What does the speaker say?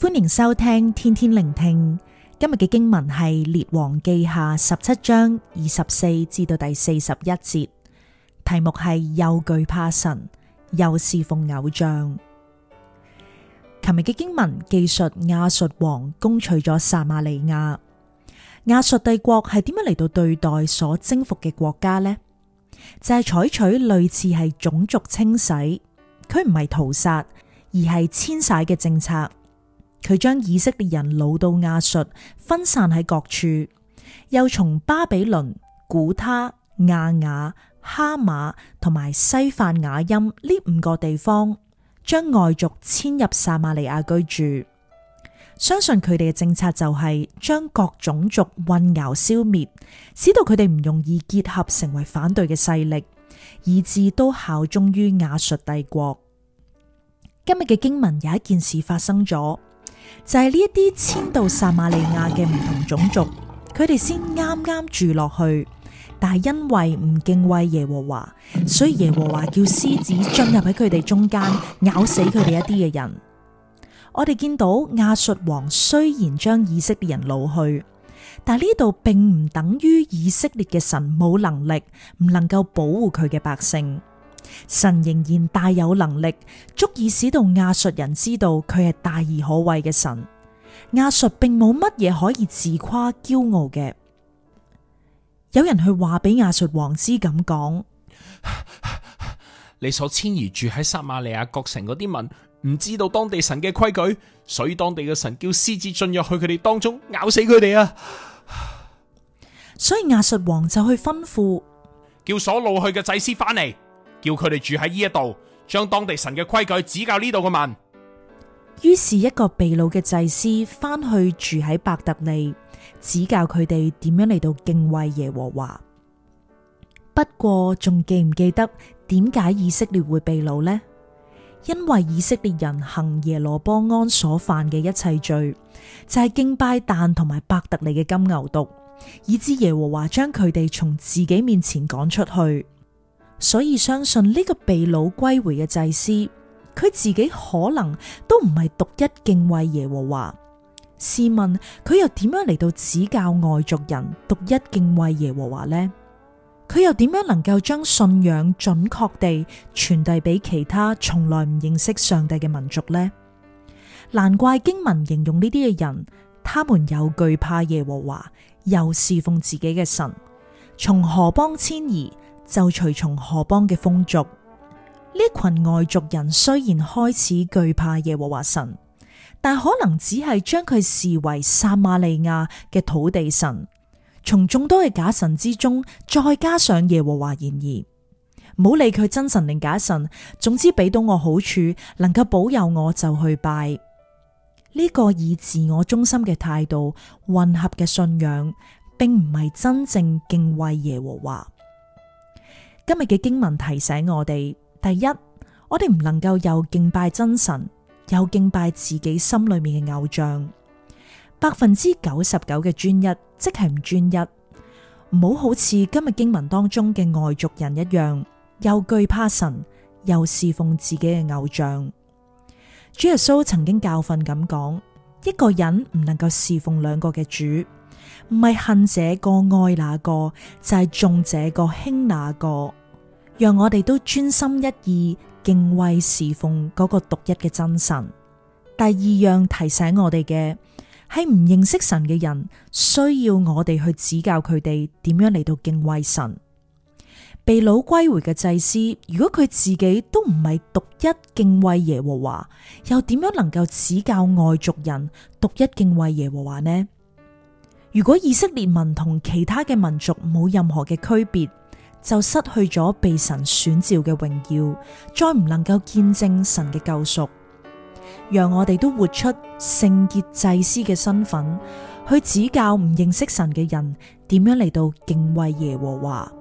歡迎收聽天天聆聽。今日嘅經文係《列王記下》十七章二十四至到第四十一節，題目係又懼怕神，又侍奉偶像。琴日嘅經文記述亞述王攻取咗撒馬利亞。亞述帝國係點樣嚟到對待所征服嘅國家呢？就係採取類似係種族清洗，佢唔係屠殺，而係遷徙嘅政策。佢將以色列人擄到亞述，分散喺各處，又從巴比倫、古他、亞瓦、哈馬同埋西法瓦音呢五個地方，將外族遷入撒馬利亞居住。相信佢哋嘅政策就係將各種族混淆消滅，使到佢哋唔容易結合成為反對嘅勢力，以致都效忠於亞述帝國。今日嘅經文有一件事發生咗。就係呢一啲遷到撒馬利亞嘅唔同種族，佢哋先啱啱住落去，但係因為唔敬畏耶和華，所以耶和華叫獅子進入喺佢哋中間，咬死佢哋一啲嘅人。我哋見到亞述王雖然將以色列人擄去，但呢度並唔等於以色列嘅神冇能力，唔能夠保護佢嘅百姓。神仍然大有能力，足以使到亞述人知道佢係大而可畏嘅神。亞述並冇乜嘢可以自誇驕傲嘅。有人去話俾亞述王知，咁講：你所遷移住喺撒馬利亞各城嗰啲民，唔知道當地神嘅規矩，所以當地嘅神叫獅子進入去佢哋當中咬死佢哋啊！ 所以亞述王就去吩咐，叫所擄去嘅祭司翻嚟。叫佢哋住喺呢一度，將當地神嘅規矩指教呢度嘅民。於是，一個被擄嘅祭司翻去住喺伯特利，指教佢哋點樣嚟到敬畏耶和華。不過，仲記唔記得點解以色列會被擄呢？因為以色列人行耶羅波安所犯嘅一切罪，就係、是、敬拜但同埋伯特利嘅金牛犢，以致耶和華將佢哋從自己面前趕出去。所以相信呢個被擄歸回嘅祭司，佢自己可能都唔係獨一敬畏耶和華。試問佢又點樣嚟到指教外族人獨一敬畏耶和華呢？佢又點樣能夠將信仰準確地傳遞俾其他從來唔認識上帝嘅民族呢？難怪經文形容呢啲嘅人，他們又懼怕耶和華，又侍奉自己嘅神，從何邦遷移，就隨從河邦嘅風俗。呢群外族人雖然開始懼怕耶和華神，但可能只係將佢視為撒馬利亞嘅土地神。從眾多嘅假神之中，再加上耶和華，然而唔好理佢真神定假神，總之俾到我好處，能夠保佑我就去拜呢，這個以自我中心嘅態度混合嘅信仰，並唔係真正敬畏耶和華。今日嘅經文提醒我哋：第一，我哋唔能夠又敬拜真神，又敬拜自己心裏面嘅偶像。百分之九十九嘅專一，即係唔專一。唔好好似今日經文當中嘅外族人一樣，又懼怕神，又侍奉自己嘅偶像。主耶穌曾經教訓咁講：一個人唔能夠侍奉兩個嘅主，唔係恨這個愛那個，就係重這個輕那個。讓我哋都專心一意敬畏侍奉嗰個獨一嘅真神。第二樣提醒我哋嘅係唔認識神嘅人，需要我哋去指教佢哋點樣嚟到敬畏神。被擄歸回嘅祭司，如果佢自己都唔係獨一敬畏耶和華，又點樣能夠指教外族人獨一敬，敬畏耶和華呢？如果以色列民同其他嘅民族冇任何嘅區別，就失去咗被神選召嘅榮耀，再唔能夠見證神嘅救贖，讓我哋都活出聖潔祭司嘅身份，去指教唔認識神嘅人點樣嚟到敬畏耶和華。